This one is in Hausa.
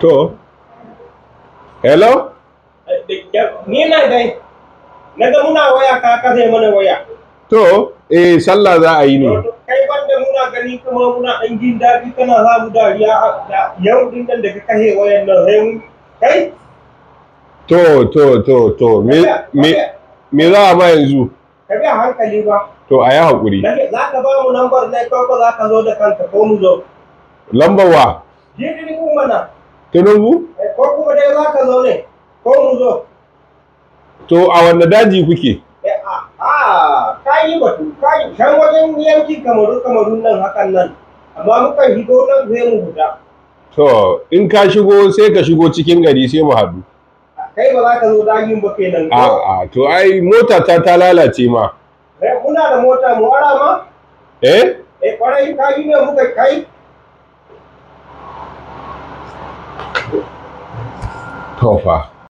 to hello ni na dai na ga muna waya ka kashe mana waya to eh sallah za a yi ne kai banda muna gani kuma muna dan jin daɗi kana za da dariya yau din nan daga kashe wayan nan sai mu kai to to to to me me me za a ba yanzu ka bi hankali ba to a yi hakuri. za ka ba mu lambar ne ko za ka zo da kanka ko mu zo lambar wa je ni mana Tinubu? Eh, ko kuma dai za ka zaune ko mu zo. To a wanne daji kuke? Eh, a ka yi batu, ka yi can wajen yankin kamaru kamaru nan hakan nan, amma mukan shigo nan sai mu guda. To in ka shigo sai ka shigo cikin gari sai mu haɗu. Kai ba za ka zo dajin ba kenan. A'a to ai mota ta ta lalace ma. Eh, muna da mota mu ara ma? Eh? Eh kwarai ka yi ne muka kai Tofa. fa